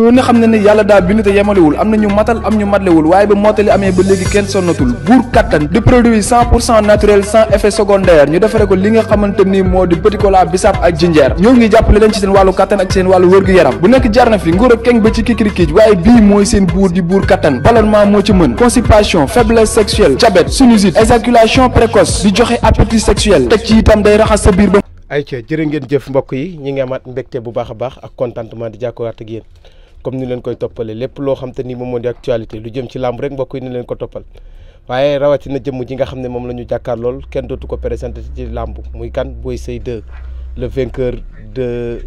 ku ne xam ne ne yàlla daal bi nu te yemalewul am na ñu matal am ñu matlewul waaye ba mottali amee ba léegi kenn sonnatul buur kattan di produit cent pour cent naturel sans effet secondaire ñu defare ko li nga xamante ni moo di petit cola bisaab ak jinjeer ñoo ngi jàppale leen ci seen wàllu kattan ak seen wàllu wërgu-yaram bu nekk jarna fi nguur ak keng ba ci kikirikiij waaye bii mooy seen buur di buur kattan ballonnement moo ci mën constipation faiblesse sexuelle diabète sinusite éjaculation précoce di joxe appétit sexuel itam day raxas sa biir ba ay ca ngeen jëf mbokk yi ñi ngi amaat mbégte bu baax a baax ak di jàkkowaat ak yéen comme ni leen koy toppalee lépp loo xam te ni moom moo di actualité lu jëm ci làmb rek mbokk yi ni leen ko toppal waaye rawatina jëmm ji nga xam ne moom la ñu jàkkaar lool kenn dootu ko présenté ci làmb muy kan booy Seye 2 le vainqueur de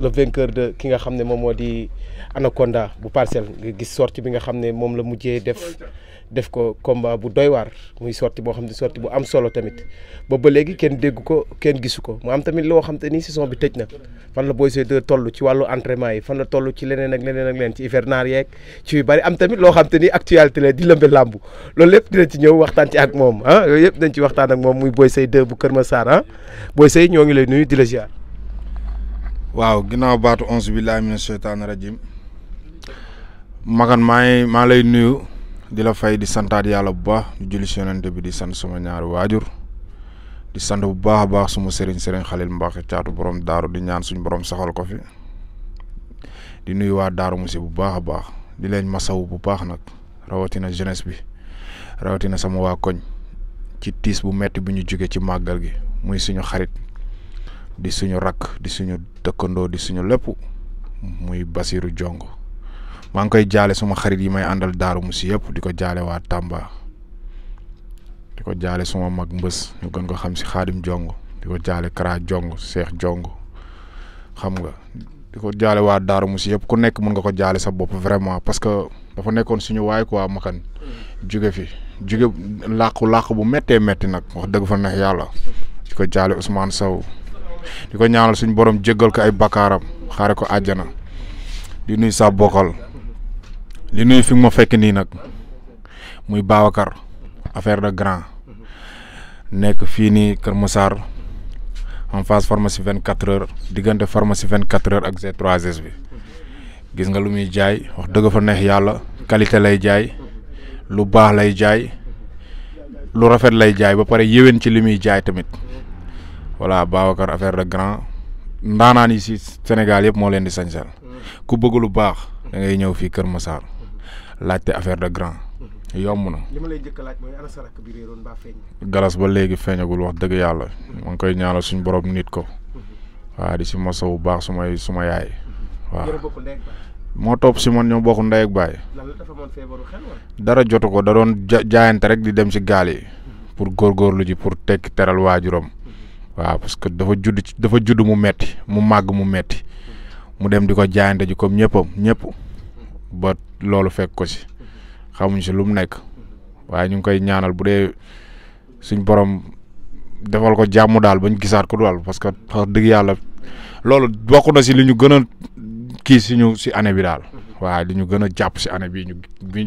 le vainqueur de ki nga xam ne moom moo di Anaconda bu parcelle nga gis sortie bi nga xam ne moom la mujjee def def ko combat bu doy waar muy sorti boo xam ne sorti bu am solo tamit ba ba léegi kenn dégg ko kenn gisu ko moo am tamit loo xam te ni sison bi tëj na fan la Boy Seye 2 toll ci wàllu entraînement yi fan la toll ci leneen ak leneen ak leneen ci hivernage yeeg am tamit loo xam te ni actualité la di lëmbe làmbu loolu lépp ci ñëw waxtaan ci ak moom ah yooyu dañ ci waxtaan ak moom muy Boy Seye bu Kër ma ah Boy Seye ñoo ngi lay nuyu di la ziar. waaw ginnaaw baatu onze billahi mina sheytaani rajim magan maa maa lay nuyu. di la fay di santaat yàlla bu baax di julli si yonent bi di sant suma ñaari waajur di sant bu baax a baax suma sëriñ sëriñ Xalil Mbacke caatu borom daaru di ñaan suñ borom saxal ko fi di nuyu waa daaru musi bu baax a baax di leen masawu bu baax nag rawatina jeunesse bi rawatina sama waa koñ ci tiis bu metti bi ñu jógee ci màggal gi muy suñu xarit di suñu rakk di suñu dëkkandoo di suñu lépp muy Basiru Jongo maa ngi koy jaale suma xarit yi may àndal daaru musi yëpp di ko jaale waa Tamba di ko jaale suma mag mbës ñu gën ko xam si xaadim jong di ko jaale Kara jong Seex jong xam nga di ko jaale waa daaru musi yëpp ku nekk mën nga ko jaale sa bopp vraiment parce que dafa nekkoon suñu waay quoi makan jóge fi jóge làqu làqu bu mettee métti nag wax dëgg fa neex yàlla di ko jaale Ousmane Sow di ko ñaanal suñu borom jéggal ko ay bakaaram xaare ko àjjana di nuy sa bokkal li nuyu fi ma fekk nii nag muy Babacar affaire de grand nekk fii nii Kër Massar en face pharmacie 24 heures diggante pharmacie 24 heures ak G3S bi gis nga lu muy jaay wax dëgg fa neex yàlla qualité lay jaay lu baax lay jaay lu rafet lay jaay ba pare yéwén ci li muy jaay tamit voilà Babacar affaire de grand ndaanaan yi si Sénégal yëpp moo leen di sañsal ku bëgg lu baax da ngay ñëw fii Kër Massar. laajte affaire de grand. Mhm. yomb na. li lay njëkk a laaj mooy ana sa rakk ba galas ba léegi feeñagul wax dëgg yàlla. Mhm. ma ngi koy ñaanal suñu borom nit ko. Mhm. waa di si mosaw bu baax sumay suma yaay. waaw moo topp si man ñoo bokk ndey ak baay. dara jotu ko da doon jaayante rek di dem si gaal yi. pour góorgóorlu ji pour tekki teral waajuram. waaw parce que dafa judd dafa judd mu metti mu màgg mu metti mu dem di ko jaayante ji comme ñëppam ñëpp. ba loolu fekk ko si xamuñ si lu mu nekk waaye ñu ngi koy ñaanal bu dee suñ borom defal ko jàmm daal bañ gisaat ko daal parce que wax dëgg yàlla loolu bokk na si li ñu gën kii si si année bi daal waaw li ñu gën a jàpp si année bi ñu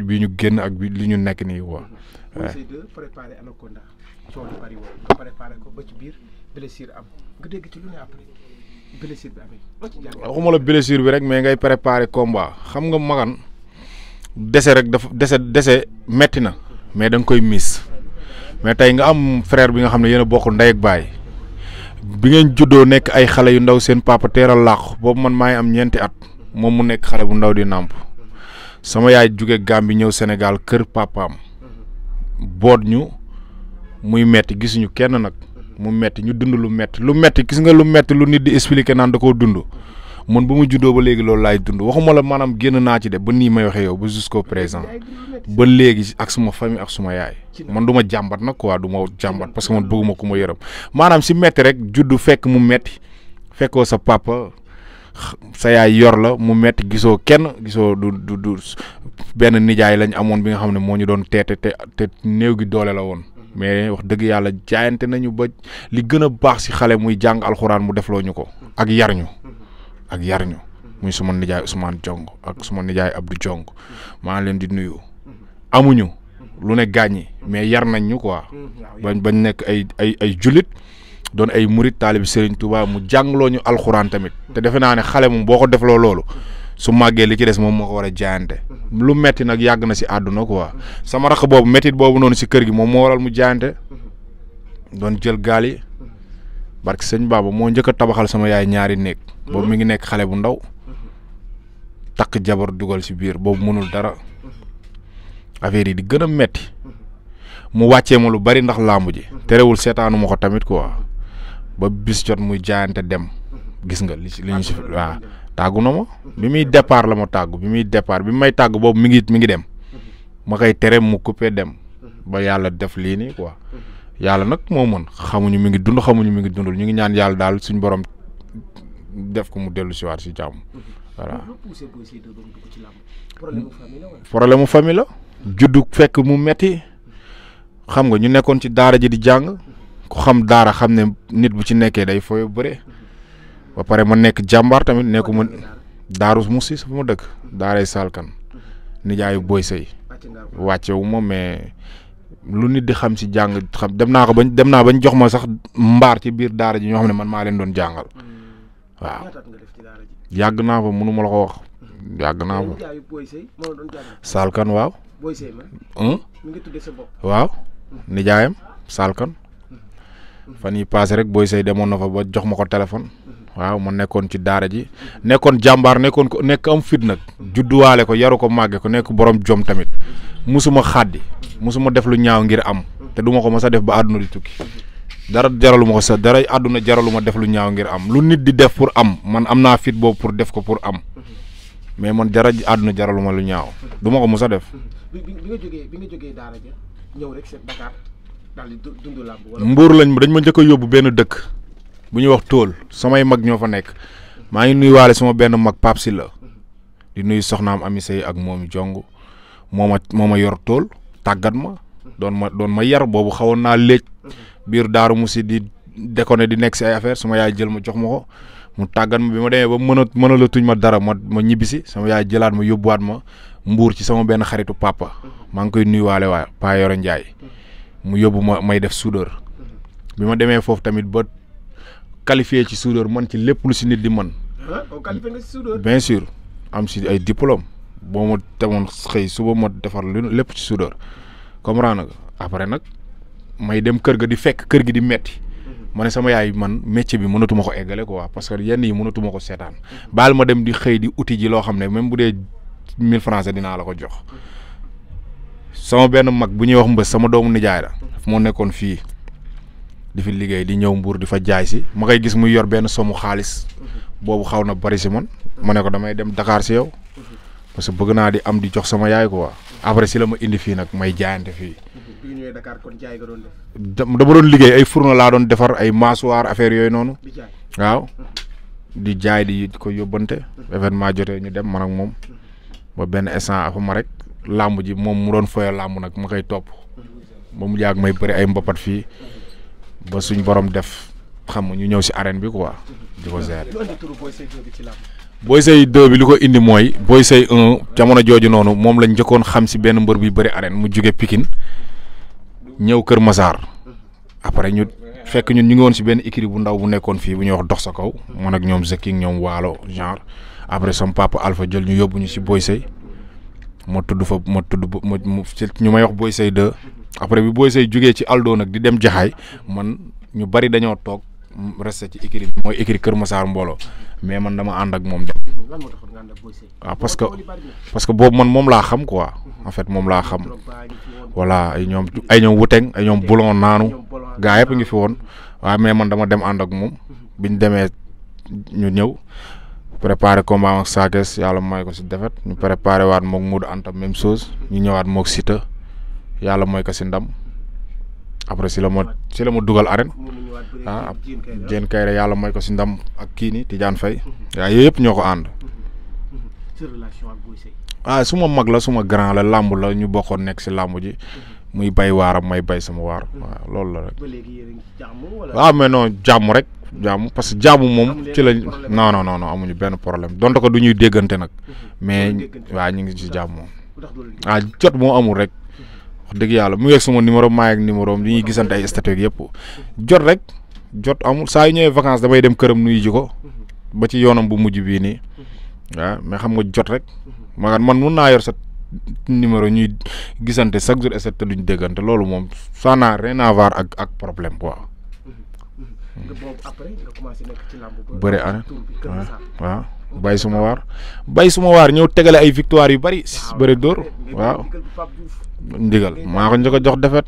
bi ñu génn ak li ñu nekk nii quoi. ko blessure bi bi rek mais ngay préparer combat xam nga magan dese rek dafa dese dese metti na mais da koy miis mais tey nga am frère bi nga xam ne yéen bokk ndey ak baay bi ngeen juddoo nekk ay xale yu ndaw seen papa teeral làqu boobu man maay am ñeenti at moom mu nekk xale bu ndaw di nàmp sama yaay jóge bi ñëw senegal kër papaam boot ñu muy metti gisuñu kenn nag. mu metti ñu dund lu metti lu metti gis nga lu metti lu nit di expliquer naan da koo dund mën bu mu juddoo ba léegi loolu laay dund waxuma la maanaam génn naa ci de ba nii may waxee yow ba jusqu'au présent ba léegi ak suma famille ak suma yaay man du ma jàmbat nag quoi du ma jàmbat parce que man bëgguma ku ma yërëm maanaam si metti rek juddu fekk mu metti fekkoo sa papa sa yaay yor la mu metti gisoo kenn gisoo du du du benn nijaay lañu amoon bi nga xam ne moo ñu doon teete te te néew gi doole la woon mais wax dëgg yàlla jaayante nañu ba li gën a baax si xale muy jàng alxuraan mu defloo ñu ko ak yar ñu ak yar ñu muy suma nijaay Ousmane Jong ak suma nijaay Abdou Jong maa ngi leen di nuyu amuñu lu ne gaañi mais yar nañ ñu quoi bañ bañ nekk ay ay ay jullit doon ay murit taalib Serigne Touba mu jàngloo ñu alxuraan tamit te defe naa ne xale moom boo ko defloo loolu su màggee li ci des moom moo ko war a jaayante mm-hmm. lu metti nag yàgg na si àdduna ko waa sama raxa boobu mettit boobu noonu si kër gi moom moo waral mu jaayante mm-hmm. doon jël gaal yi mm-hmm. barke sëñ Baba moo njëkk a tabaxal sama yaay ñaari néeg boobu mi ngi nekk xale bu ndaw takk jabar dugal si biir boobu mënul dara affaire yi di gën metti mu wàccee ma lu bari ndax làmb ji terewul seetaanu ma ko tamit quoi ba bis jot muy jaayante dem gis nga li li ñu si waaw tàggu na ma bi muy départ la ma tàggu bi muy départ bi may tàgg boobu mi ngi mi ngi dem ma koy tere mu coupé dem ba yàlla def lii nii quoi yàlla nag moo mën xamuñu mi ngi dund xamuñu mi ngi dundul ñu ngi ñaan yàlla daal suñu borom def ko mu dellu si waat si jàmm voilà. problème mu famille la. juddu fekk mu metti xam nga ñu nekkoon ci daara ji di jàng ku xam daara xam ne nit bu ci nekkee day fooy bëre. ba pare ma nekk jàmbaar tamit nekku ma daaru Moussi fa ma dëkk daaray Salkan nijaayu Boy Sey wàcce wu ma mais lu nit di xam ci jàng xam dem naa ko bañ dem naa bañ jox ma sax mbaar ci biir daara ji ñoo xam ne man maa leen doon jàngal yàgg naa fa mënu ma la ko wax yàgg naa fa Salkan waaw. Hmm? waaw nijaayam Salkan hmm. fan yi paase rek Boy Sey demoon na fa ba jox ma ko téléphone. waaw ma nekkoon ci daara ji nekkoon jàmbaar nekkoon ko nekk am fit nag judduwaale ko yaru ko màggee ko nekk borom jom tamit musuma xàddi musuma def lu ñaaw ngir am te duma ko mës a def ba àdduna di tukki dara jaraluma ko sax dara àdduna jaraluma def lu ñaaw ngir am lu nit di def pour am man am naa fit boobu pour def ko pour am mais man dara àdduna jaralu ma lu ñaaw duma ko mës a def. bi nga jógee mbuur lañ dañ ma njëkk a yóbbu benn dëkk. bu ñu wax tool samay mag ñoo fa nekk maa ngi nuyuwaale sama benn mag si la di nuyu soxnaam Ami Seye ak moom jong moo ma moo ma yor tool tàggat ma doon ma doon ma yar boobu xawoon naa léej biir daaru musi di déconné di nekk si ay affaire suma yaay jël ma jox ma ko mu tàggat ma bi ma demee ba mën a mën a la tuñ ma dara ma ma ñibbisi sama yaay jëlaat ma yóbbuwaat ma mbuur ci sama benn xaritu papa maa ngi koy nuyuwaale waa Paa Yoro Ndiaye mu yóbbu ma may def soudeur qualifié ci soudeur man ci lépp lu si nit di man ah, bien sûr am si ay diplôme boo ma demoon xëy suba ma defar lu lépp ci soudeur comprendre nga après nag may dem kër ga di fekk kër gi di metti mhm. ma ne sama yaay man métier bi mënatuma ko eggale quoi parce que yenn yi mënatuma ko seetaan baal ma dem di xëy di outil ji loo xam ne même bu dee mille francs dinaa la ko jox mhm. sama benn mag bu ñuy wax mbës sama doomu nijaay la moo nekkoon fii. di fi liggéey di ñëw mbuur di fa jaay si ma koy gis muy yor benn somu xaalis mhm. boobu xaw na bari si man ma ne ko damay dem Dakar si yow mhm. parce que bëgg naa di am di jox sama yaay quoi après si la ma indi fii nag may jaayante fii. Mhm. bi kon jaay nga doon dama doon liggéey ay fourneau laa doon defar ay masuwaar affaire yooyu noonu. di jaay di ko yóbbante. événement jotee ñu dem man ak moom benn instant ma rek làmb ji moom mu doon foyee làmb nag ma koy topp ba mu yàgg may bari ay mbapat fii. ba suñ borom def xam nga ñu ñëw si arène bi quoi di ko gérer. Boy Seye 2 bi li ko indi mooy Boy Seye jamono jooju noonu moom lañ njëkkoon xam si benn mbër buy bëri arène mu jóge Pikine ñëw Kër Masaar après ñu fekk ñun ñu ngi woon si benn écurie bu ndaw bu nekkoon fii bu ñuy wax dox sa kaw man ak ñoom Zeking ñoom Waalo genre après sama papa Alpha jël ñu yóbbu ñu si Boy Seye ma tudd fa ma tudd ma ñu ma yox Boy Seye après bi Boy Seye jógee ci Aldo nag di dem jaxaay man ñu bari dañoo toog resté ci écurie bi mooy écurie Kër Massar mbooloo mais man dama ànd ak moom dem. waaw ah, parce que parce que boobu man moom laa xam ko en fait moom laa xam voilà ay ñoom ay ñoom wuteng ay ñoom bulon naanu gaa yëpp ngi fi woon waaw mais man dama dem ànd ak moom bi ñu demee ñu ñëw préparé combat ak Sa Thiès yàlla may ko si defet ñu préparé waat moog Modou Anta même chose ñu ñëwaat moog Siteu yàlla mooy ko si ndam après si la ma si la ma dugal arène ah Diène yàlla mooy ko si ndam ak kii nii tijaan Faye mhm. waaye yooyu yëpp ñoo ko ànd. Mhm. Mhm. ah su ma mag la suma grand la làmb la ñu bokkoon nekk si làmb ji muy bay waaram may bay sama waar waaw loolu la rek waaw ah, mais non jàmm rek jàmm parce que jàmm moom ci la non noonu amuñu benn problème donte ko du ñuy déggante nag mais waaw ñu ngi si jàmmoo moom ah, jot moo amul rek dëgg yàlla mu ngeeg sama numéro maa ngi ak numéro am ñuy gisante ay statut yëpp jot rek jot amul saa yu ñëwee vacances damay dem këram nuyu ji ko ba ci yoonam bu mujj bii nii waaw mais xam nga jot rek maanaam man mun naa yor sa numéro ñuy gisante chaque jour et duñ déggante loolu moom ça n'a rien ak ak problème quoi. nga boobu après nga commencé nekk ci bay suma waar bay suma waar ñëw tegale ay victoire yu bari bëri dóor waaw ndigal maa ko a jox defet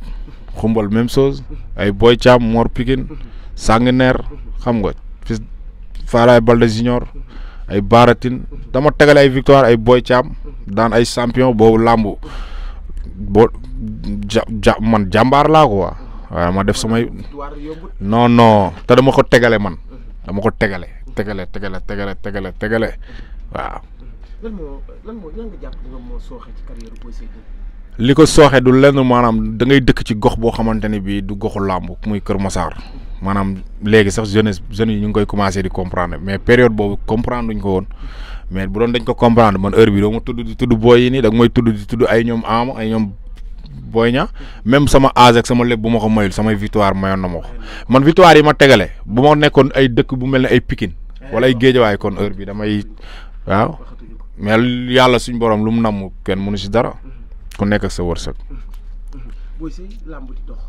xumbal même chose ay Boy Thiam Mor Pikine Sanguinaire xam nga fis Faalaay Balde Junior ay baratin dama tegale ay victoire ay Boy Thiam daan ay champion boobu làmbu boo ja man jàmbaar laa ko waa waaye ma def samay non non te dama ko tegale man dama ko tegale tegale tegale tegale tegale tegale waaw. lan moo li ko sooxe du lenn maanaam da dëkk ci gox boo xamante ni bii du goxu làmb muy Kër Massar maanaam léegi sax jeunesse jeunes yi ñu ngi koy commencé di comprendre mais période boobu comprendre duñ ko woon mais bu doon dañ ko comprendre man heure bi doo ma tudd di tudd booy yi nii da mooy may tudd di tudd ay ñoom am ay ñoom booy ña même sama âge ak sama leb bu ma ko mayul samay victoire mayoon na ma ko man victoire yi ma tegale bu ma nekkoon ay dëkk bu mel ne ay Pikine Eh, wala ay géejawaay kon heure bi damay waaw mais yàlla suñ borom lu mu namm kenn mënu si dara ku nekk ak sa wërsëg. booy si làmb di dox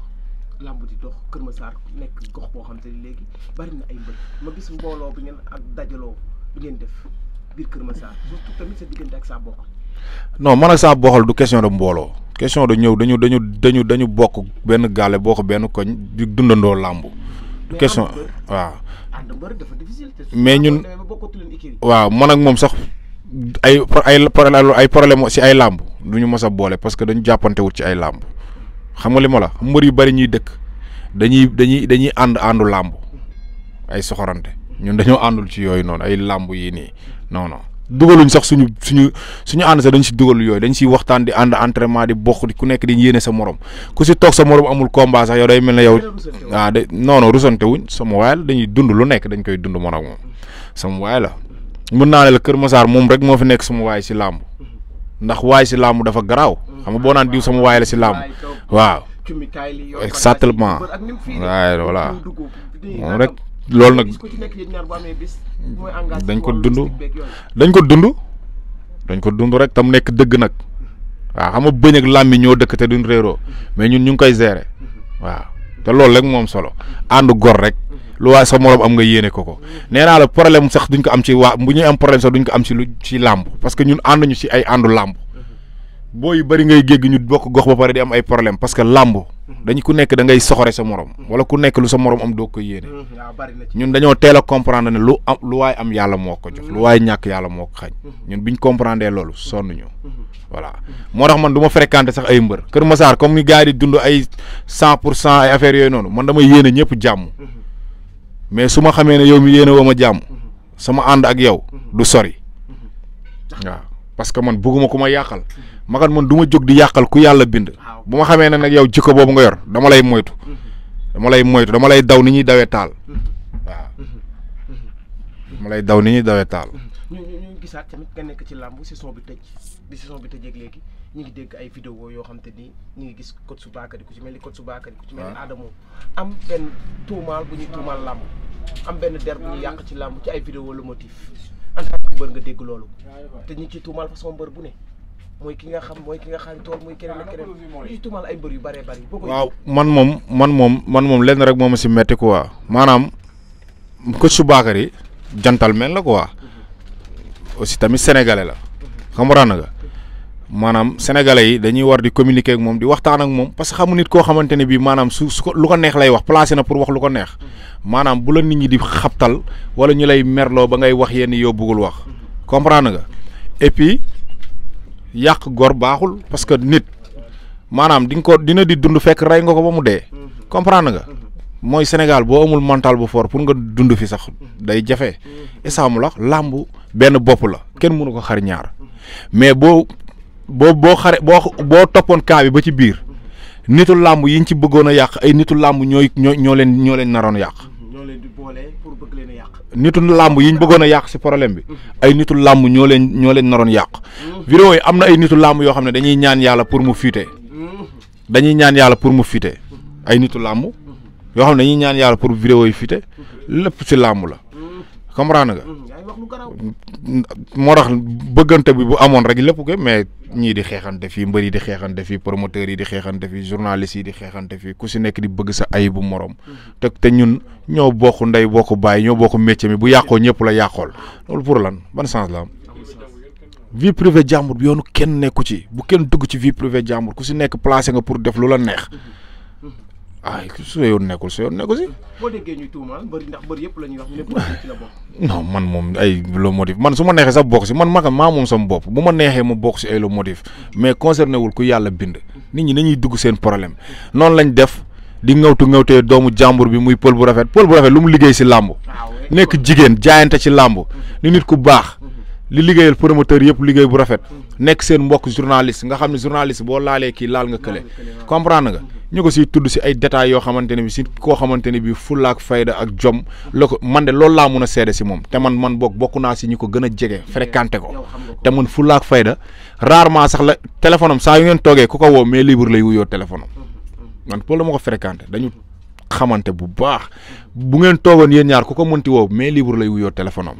làmb di dox Kër Massar nekk gox ni léegi bari na ay mbër ngeen ak def Kër Massar surtout tamit sa diggante ak saa bokkal. du question de mbooloo question de ñëw dañu dañu dañu dañu bokk benn gaale bokk benn koñ di dundandoo làmb. du question waaw. mais ñun waaw man ak moom sax ay ay ay problème si ay làmb du ñu mos a boole parce que dañu jàppante wut ci ay làmb xam nga li ma la mbër yu bari ñuy dëkk dañuy dañuy dañuy ànd àndu làmb ay soxorante ñun dañoo àndul ci yooyu noonu ay làmb yi nii non non. dugaluñ sax suñu suñu suñu ànd sax dañ si dugalu yooyu dañ si waxtaan di ànd entraînement di bokk di ku nekk di yéene sa morom ku si toog sa morom amul combat sax yow day mel ne yow waaw de non non wuñ sama waay la dañuy dund lu nekk dañ koy dund man ak moom sama waay la mën naa ne la Kër Massar moom rek moo fi nekk sama waay si làmb ndax waay si làmb dafa garaaw xam boo naan diw sama waay la si làmb waaw exactement waaye voilà moom rek loolu nag dañ ko dund dañ ko dund dañ ko dund rek tam nekk dëgg nag waaw xam nga bëñ ak làmmi ñoo dëkk te duñ réeroo mais ñun ñu ngi koy gérer waaw te loolu rek moom solo ànd gor rek lu waaye sa morom am nga yéene ko ko nee naa la problème sax duñ ko am ci waa bu ñuy am problème sax duñ ko am ci lu ci làmb parce que ñun ànd ñu ci ay ànd làmb boo yu bëri ngay gégg ñu bokk gox ba pare di am ay problème parce que làmb dañu ku nekk da ngay soxore sa morom mm-hmm. wala ku nekk lu sa moroom am doo ko yéene mm-hmm. ñun dañoo teel a comprendre ne lu am lu waay am yàlla moo ko jox lu mm-hmm. waay ñàkk yàlla moo ko xañ ñun biñ comprendre loolu sonn ñu voilà moo tax man du ma fréquenter sax ay mbër Kër Massar comme ni gars yi di dund ay cent pour cent ay affaires yooyu noonu man dama yéene ñëpp jàmm mais su ma xamee ne yow mi yéene woo ma jàmm sama ànd ak yow du sori waaw parce que man bëgguma ku ma yàqal makat man du ma jóg di yàqal ku yàlla bind bu ma xamee na nag yow jikko boobu nga yor dama lay moytu mm-hmm. dama lay moytu dama lay daw ni ñuy dawee taal mm-hmm. waaw mm-hmm. dama lay daw ni ñuy dawee taal. ñu ñu gisaat tamit nga nekk ci làmb saison bi tëj bi saison bi tëjeeg léegi ñu ngi dégg ay vidéo yoo xam te ni ñu ngi gis code su baakari ku ci mel ni code su baakari ku ci mel ni ah. Adamo am benn tuumaal bu ñu tuumaal làmb am benn der bu ñuy yàq ci làmb ci ay vidéo lomotif en tant que nga dégg loolu ah, te ñu ci tuumaal façon mbër bu ne. mooy ki nga xam mooy ki nga xaritool mooy keneen ak keneen li tuumal ay mbër yu bëree waaw man moom man moom man moom lenn rek moom ma si metti waa maanaam coach su Bakary na ko quoi mhm. aussi tamit sénégalais la xam nga maanaam sénégalais yi dañuy war di communiquer ak moom di waxtaan ak moom parce que xamu nit koo xamante ne bii maanaam su su ko lu ko neex lay wax placé na pour wax lu ko neex mhm. maanaam bu la nit ñi di xabtal wala ñu lay merloo ba ngay wax yenn yoo bëggul wax mhm. comprendre nga et yàq gor baaxul parce que nit maanaam di ko dina di dund fekk rey nga ko ba mu dee comprendre nga mooy Sénégal boo amul mental bu fort pour nga dund fi sax day jafe isaamu la làmb benn bopp la kenn mënu ko xar ñaar mais boo boo boo xare boo boo toppoon kaa bi ba ci biir nitu làmb yi ñu ci bëggoon a yàq ay nitu làmb ñooy ñoo ñoo leen ñoo leen naroon yàq. ñoo leen di boole yàq. nitul làmb yi ñu bëggoon a yàq si problème bi. Mm-hmm. ay nitu làmb ñoo leen ñoo leen naroon yàq. Mm-hmm. vidéo yi am na ay nitu làmb yoo xam ne dañuy ñaan yàlla pour mu fuite. Mm-hmm. dañuy ñaan yàlla pour mu fuite ay nitu làmb yoo xam ne dañuy ñaan yàlla pour vidéo yi fuite lépp si làmb la. comprendre nga. Mm-hmm. moo tax bëggante bi bu amoon rek lépp ko mais ñii di xeexante fii mbër yi di xeexante fii promoteurs yi di xeexante fii journalistes yi di xeexante fii ku si nekk di bëgg sa ay bu morom. Mm-hmm. te te ñun ñoo bokk ndey bokk bàyyi ñoo bokk métier mi bu yàqoo ñëpp la yàqool loolu pour lan ban sens la am. vie privée jàmbur bi yoonu kenn nekku ci bu kenn dugg ci vie privée jàmbur ku si nekk placé nga pour def lu la neex. Mm-hmm. ay ah, su yoon nekkul su yoon nekkul si. boo déggee ñuy tuumaal mbëri ndax yëpp la ñuy wax ñu man moom ay lo motif man su ma neexee sax bokk si man maa maa moom sama bopp bu ma neexee ma bokk si ay lo motif mais concerné wul ku yàlla bind. nit ñi dañuy dugg seen problème noonu lañ def di ngawtu ngawtee doomu jàmbur bi muy pël bu rafet pël bu rafet lu mu liggéey si làmb. Ah nekk jigéen jaayante ci làmb. ni nit ku baax. Mhm. li liggéeyal promoteur yëpp liggéey bu rafet. Mhm. nekk seen mbokk journaliste nga xam ne journaliste boo laalee kii laal nga kële comprendre nga mhm. ñu ko siy tudd si ay détails yoo xamante ne bi si koo xamante ne bi fulaak fayda ak jom la ko man loolu laa mun a seede si moom te man man boog bokk naa si ñu ko gën a jege fréquenté ko te man fulaak fayda rarement sax la téléphone am yu ngeen toogee ku ko woo mais libre lay wuyoo téléphone am man la ma ko fréquenté dañu xamante bu baax bu ngeen toogoon yéen ñaar ku ko mënti woo mais libre lay wuyoo téléphone am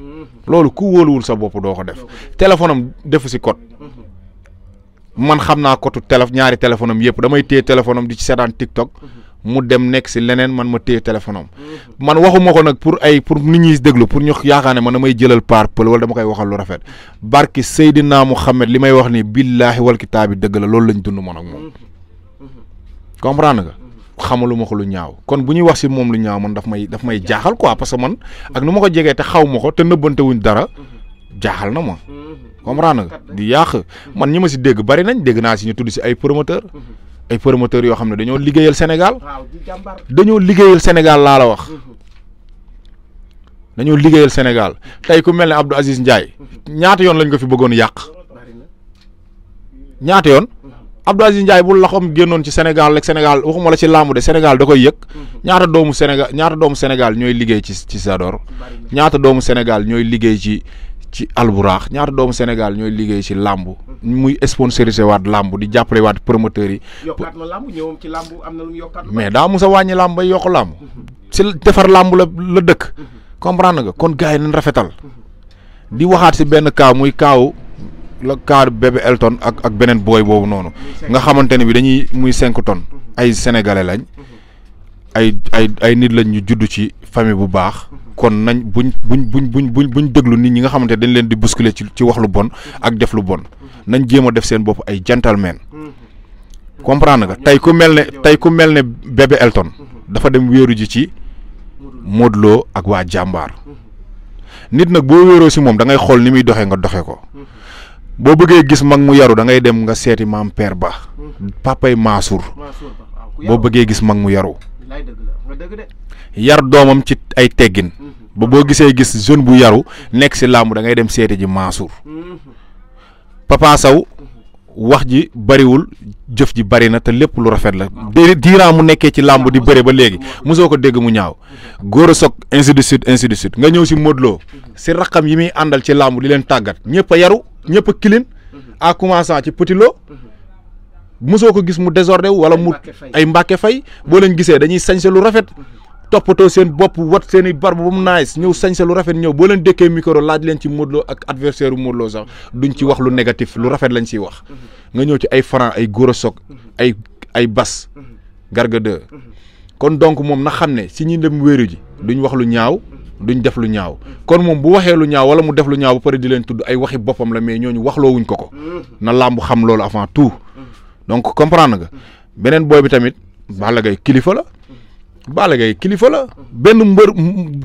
loolu ku wóoluwul sa bopp doo ko def téléphone am defu si code man xam naa kotu télé ñaari téléphone yëpp damay téye téléphone di ci seetaan TikTok mhm. mu dem nekk si leneen man ma téye téléphone am mhm. man waxuma ko nag pour ay pour nit ñi déglu pour ñu yaakaar ne na may jëlal paar pël wala dama koy waxal lu rafet barki Seydina Muhammad li may wax ni billaahi wal kitaabi dëgg la loolu lañ dund man ak moom mhm. comprendre nga. xamaluma ko lu ñaaw kon bu ñuy wax si moom lu ñaaw man daf may daf may jaaxal quoi parce que man ak nu ma ko jegee te xaw ma ko te nëbbante wuñ dara jaaxal na ma. comprendre di yàq man ñi ma si dégg bari nañ dégg naa si ñu tudd si ay promoteur mhm. ay promoteurs yoo xam ne dañoo liggéeyal Sénégal dañoo liggéeyal Sénégal laa la wax mhm. dañoo liggéeyal Sénégal tey ku mel ni Abdou Aziz Ndiaye mhm. ñaata yoon lañ ko fi bëggoon yàq ñaata yoon Abdou Aziz Ndiaye bu laxoom génnoon ci Sénégal rek Sénégal waxuma la ci làmb de Sénégal da koy yëg ñaata doomu Sénégal ñaata doomu Sénégal ñooy liggéey ci ci Sador ñaata doomu Sénégal ñooy liggéey ci. ci alburaax ñaata doomu Sénégal ñooy liggéey ci làmb muy sponsorisé waat làmb di jàppale waat promoteurs yi. ci làmb am na mu yokkaat mais daa mus wàññi làmb bay yokk làmb. ci mhm. defar làmb la la dëkk. comprendre nga kon gars yi nañ rafetal. Mhm. di waxaat si benn kaaw muy kaaw la kaaw bébé Elton ak ak beneen booy boobu noonu. nga xamante ne bi dañuy muy 5 tonnes. Mhm. ay sénégalais lañ. ay ay ay nit lañ ñu judd ci famille bu baax. kon nañ buñ buñ buñ buñ buñ buñ déglu nit ñi nga xamante dañ leen di bousculer ci ci wax lu bon ak def lu bon nañ jéem a def seen bopp ay gentleman comprendre nga tey ku mel ne tey ku mel ne bébé Elton dafa dem wéeru ji ci Modou ak waa jàmbaar nit nag boo wéeroo si moom da ngay xool ni muy doxee nga doxee ko boo bëggee gis mag mu yaru da ngay dem nga seeti maam père ba papay Mansour boo bëggee gis mag mu yaru yar doomam ci ay teggin mhm. ba boo gisee gis jeune bu yaru nekk si làmb da ngay dem seeti ji Mansour mhm. Papa wax ji bariwul jëf ji bari na te lépp lu rafet la ah. diiraa mu nekkee ci làmb di ah, bëre ba léegi mosoo ko dégg mu ñaaw mhm. góor a soog ainsi de suite ainsi de suite nga ñëw si Modou Lo si raqam yi muy àndal ci làmb di leen tàggat ñëpp a yaru ñëpp a kilin à commençant ci Petit Lo mosoo ko gis mu désordre wala mu ay mbàkke fay boo leen gisee dañuy sañse lu rafet toppatoo seen bopp wat seen i barbe ba mu nice ñëw sañse lu rafet ñëw boo leen dëkkee micro laaj leen ci Modou Lo ak adversaire u Modou Lo sax duñ ci wax lu négatif lu rafet lañ ciy wax nga ñëw ci ay Franc ay Gora Sock ay ay Bas Garga 2 kon donc moom na xam ne si ñuy dem wéeru ji duñ wax lu ñaaw duñ def lu ñaaw kon moom bu waxee lu ñaaw wala mu def lu ñaaw bu pare di leen tudd ay waxi boppam la mais ñoo ñu ñooñu waxloowuñ ko ko na làmb xam loolu avant tout donc comprendre beneen booy bi tamit Balla kilifa la Balla Gaye kilifa la benn mbër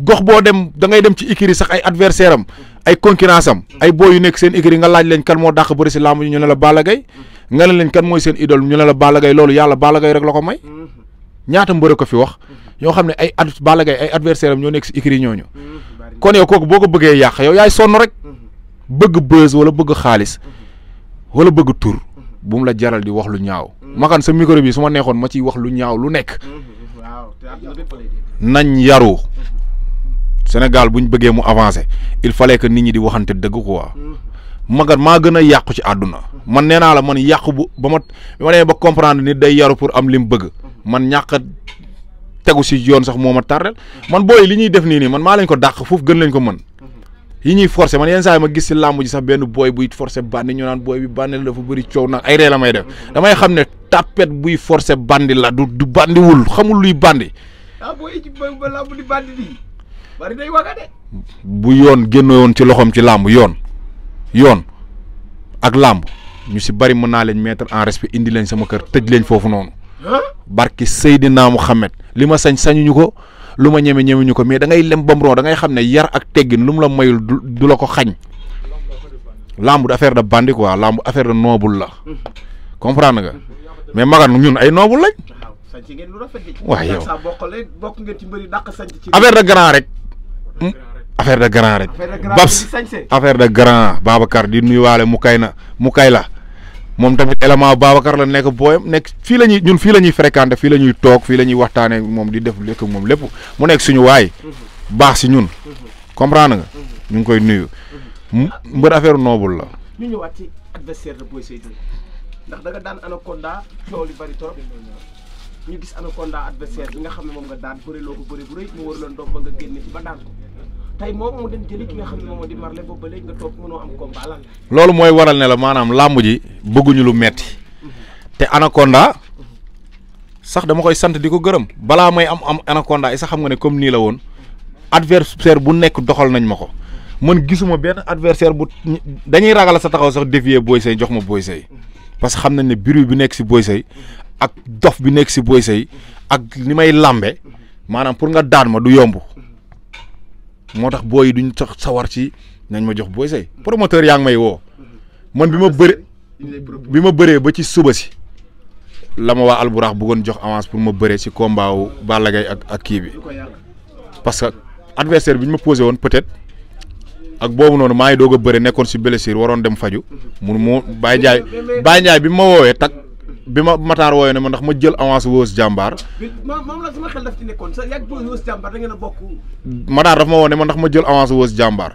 gox boo dem da ngay dem ci écurie sax ay adversaire am ay concurrence am ay boo yu nekk seen écurie nga laaj leen kan moo dàq bëri si làmb ñu ne la Balla Gaye nga ne kan mooy seen idole ñu ne la Balla Gaye loolu yàlla Balla Gaye rek la ko may ñaata mbër ko fi wax yoo xam ne ay ad Balla Gaye ay adversaire am ñoo nekk si écurie ñooñu kon yow kooku boo ko bëggee yàq yow yaay sonn rek bëgg buzz wala bëgg xaalis wala bëgg tur bu mu la jaral di wax lu ñaaw. ma xam sa su ma neexoon ma ciy wax lu ñaaw lu nekk. nañ yaru Sénégal bu ñu bëggee mu avancer il fallait que nit ñi di waxante dëgg waa magat maa gën a yàqu ci àdduna man nee naa la man yàqu bu ba ma ma ba comprendre ni day yaru pour am li mu bëgg man ñàq a tegu si yoon sax moo ma tardel man booy li ñuy def nii nii man maa lañ ko dàq foofu gën lañ ko mën. yi ñuy forcé man yenn saa yi ma gis si làmb ji sax benn booy buy forcé bandi ñoo naan booy bi bandi la dafa bëri coow nag ay ree la may def damay xam ne tapet buy forcé bandi la du du bandiwul xamul luy bandi. ah booy ci ba làmb yoon ci loxoom ci làmb yoon yoon ak làmb ñu si bari mën naa leen metre en respect indi leen sama kër tëj leen foofu noonu. barki Seydina Mouhamed li ma sañ sañuñu ko. lu ma ñeme ñeme ñu ko mais da ngay lem bam ron da xam ne yar ak teggin lu mu la mayul du la ko xañ lamb du affaire de bandi quoi lamb affaire de noble la comprendre nga mais magan ñun ay noble lañ waaye yow affaire de grand rek hmm? affaire de grand rek babs affaire de grand Babacar mu kay na mu kay la moom tamit élément Babacar la nekk booyam nekk fii la ñuy ñun fii la ñuy fréquenté fii la toog fii la ñuy waxtaanee moom di def lekk moom lépp mu nekk suñu waay mhm. baax si ñun comprendre nga mhm. ñu ngi koy nuyu mbër affaire noobul la. ñu ñëwaat ci adversaire de Boy Seydoux ndax da nga daan Anaconda coow li bari trop ñu gis Anaconda adversaire bi nga xam ne moom nga daan bëri loo ko bëri tey moom mu dem jëli ki ba léegi nga toog mënoo am combat lan loolu mooy waral ne la maanaam làmb ji bëgguñu lu metti te Anaconda sax dama koy sant di ko gërëm balaa may am am Anaconda yi sax xam nga ne comme nii la woon adversaire bu nekk doxal nañ ma ko mën gisuma benn adversaire bu dañuy ragal sa taxaw sax dévier Boy Seye jox ma Boy Seye parce que xam nañ ne bruit bi nekk si Boy Seye ak dof bi nekk si Boy Seye ak ni may làmbe maanaam pour nga daan ma du yomb moo tax booy duñ sax sawar ci nañ ma jox Boy Seye promoteur yaa ngi may woo man bi ma bëre bi ma bëree ba ci suba si la ma waa alburax buggoon jox avance pour ma bëree si combat baa Balla ak ak kii bi parce que adversaire bi ñu ma posé woon peut-être ak boobu noonu maa ngi doog a bëre nekkoon si blessure waroon dem faju mun mu Baye Ndiaye Baye Ndiaye bi ma woowee tak bi ma Matar wooyee ne ma ndax ma jël avance Weuz Diambar. moom la sama xel daf ci nekkoon sa yàgg Weuz Diambar da ngeen a bokk. Matar ma woon ma ndax ma jël avance Weuz jàmbaar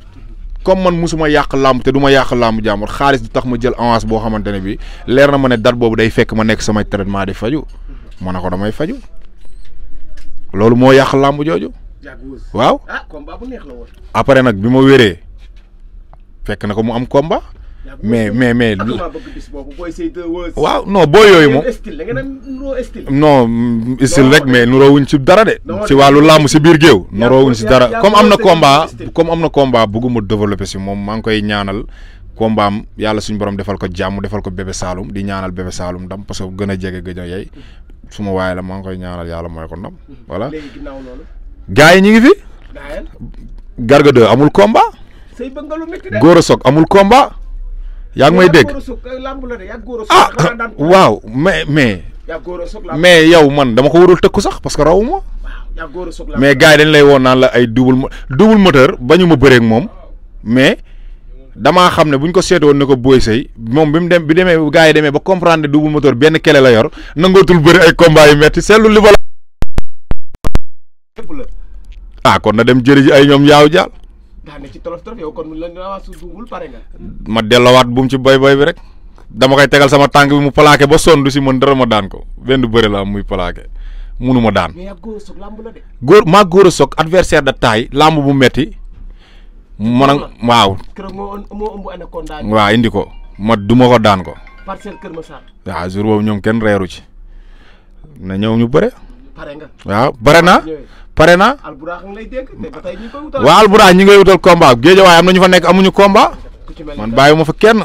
comme man musuma yàq làmb te du ma yàq làmb jàmbur xaalis du tax ma jël avance boo xamante ne bi leer na ma ne date boobu day fekk ma nekk samay traitement di faju ma ne ko damay faju loolu moo yàq làmb jooju. waaw. Ah, après nag bi ma wéree fekk na ko mu am komba mais mais mais waaw non boo yooyu moom non mm, style rek mais eh. nuroowuñ ci dara de ci wàllu làmb si biir géew nuroowuñ si dara comme am na combat comme am na combat bëgguma développer si moom maa ngi koy ñaanal combat am yàlla suñu borom defal ko jàmm defal ko bébé saalum di ñaanal bébé saalum dam parce que gën a jege gëj a yey su ma waaye la maa ngi koy ñaanal yàlla mooy ko ndam mhm. voilà gars amul combat Gora amul combat yaa ngi may dégg ah waaw mais mais mais yow man dama ko warul tëkku sax parce que rawu ma mais gars yi dañ lay woon naan la ay double double moteur bañu ma bëreeg moom mais damaa xam ne bu ñu ko seetoon ne ko Boy Seye moom bi mu dem bi demee gars yi demee ba comprendre double moteur benn kele la yor nangootul bëri ay combat yu metti seetlu li ba la ah, na dem jëri ji ay ñoom yaaw jaal daa ci tolof yow kon mu la avance duubul pare nga. ma delloowaat bu ci boy boy bi rek dama koy tegal sama tànk bi mu plaqué ba sonn du si mën dara ma daan ko benn bëre la am muy plaqué munu ma daan. mais góor góor maa góor a sook adversaire de taille làmb bu metti mën a waaw. keroog moo indi ko ma du ma ko daan ko. parcelle Kër Massar. waaw jour boobu ñoom kenn reeru ci na ñëw ñu bëre. waaw bare na pare na waaw alburax ñi ngay wutal combat géejawaay am na ñu fa nekk amuñu combat man bàyyi ma fa kenn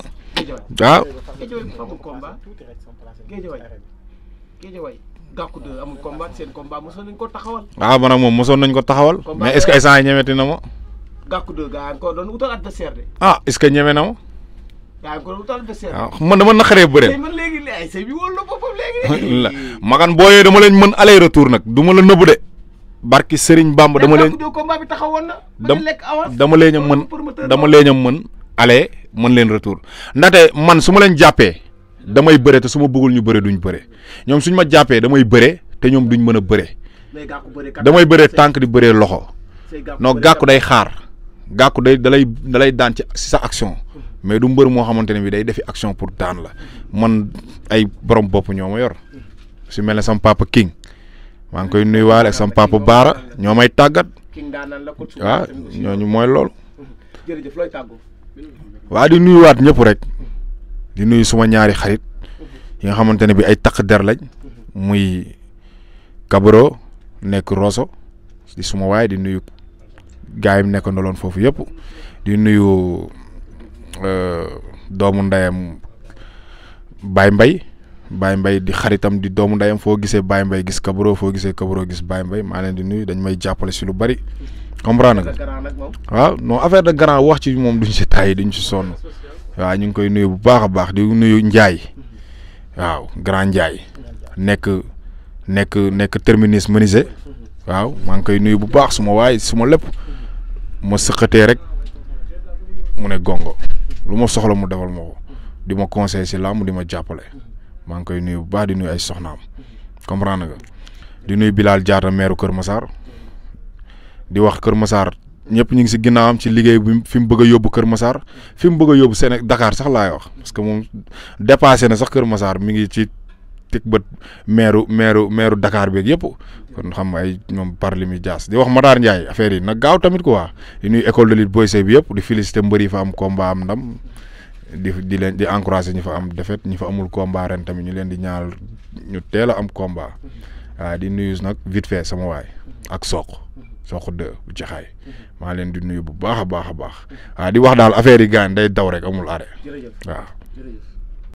waaw. waaw man ak moom mosoon nañ ko taxawal. mais est-ce que ay saa yi ñemeeti na ma. ah est-ce que ñeme na ma. waaw ah, man dama naqaree bëreel. la boo booyee dama leen mën aller retour nag du ma la nëbb de barki Serigne mbamb dama leen dama leen a mën dama leen a mën ale mën leen retour ndaxte man su ma leen jàppee damay bëre te su ma bëggul ñu bëre duñu bëre ñoom suñ ma jàppee damay bëre te ñoom duñ mën a bëre damay bëre tànk di bëree loxo noo gàkku day xaar gàkku day dalay dalay daan ci sa action mais du mbër moo xamante ne bi day defi action pour daan la man ay borom bopp ñoo ma yor su mel ne sama papa King maa ngi koy nuyu nuyuwaale ak sama papa Baara ñoo may tàggat waaw ah, ñooñu mooy lool waa di nuyuwaat ñëpp rek di nuyu suma ñaari xarit yi nga xamante ne bi ay takk der lañ muy Kabaro nekk roso di suma waaye di nuyu gaayam nekk ndoloon foofu yëpp di nuyu. Euh, doomu ndeyam baay mbay Baye mbay di xaritam di doomu ndeyam foo gisee baay mbay gis Kabro foo gisee Kabro gis baay mbay maa leen di nuyu dañ may jàppale si lu bari. comprendre nga waaw noo affaire de grand wax ci moom duñ si taay duñ si sonn waaw ñu ngi koy nuyu bu baax a baax di nuyu Ndiaye waaw grand Ndiaye nekk nekk nekk terminus manise waaw maa ngi koy nuyu bu baax suma waay suma lépp ma sëqatee rek mu ne gongo. lu ma soxla mu defal ma ko di ma conseil si làmb di ma jàppale maa ngi koy nuyu bu baax di nuyu ay soxnaam comprendre nga di nuyu Bilal Diatta meeru Kër masaar di wax Kër masaar ñëpp ñu ngi si ginnaawam ci liggéey bi fi mu bëgg a yóbbu Kër Massar fi mu bëgg a yóbbu Sénégal dakaar sax laay wax parce que moom dépassé na sax Kër Massar mi ngi ci teg bët meeru meeru meeru Dakar beeg yëpp kon xam ay ñoom Barthélémy Dias di wax Matar Ndiaye affaire yi nag gaaw tamit quoi di nuyu école de lutte Boy Seye bi yëpp di féliciter mbër yi fa am combat am ndam di di leen di encourager ñi fa am defet ñi fa amul combat ren tamit ñu leen di ñaal ñu teel a am komba waaw ah, di nuyu nag vite fait sama waay ak soq soq de jaxaay maa leen di nuyu bu baax a baax a baax waaw ah, di wax daal affaire yi gaañ day daw rek amul arrêt waaw.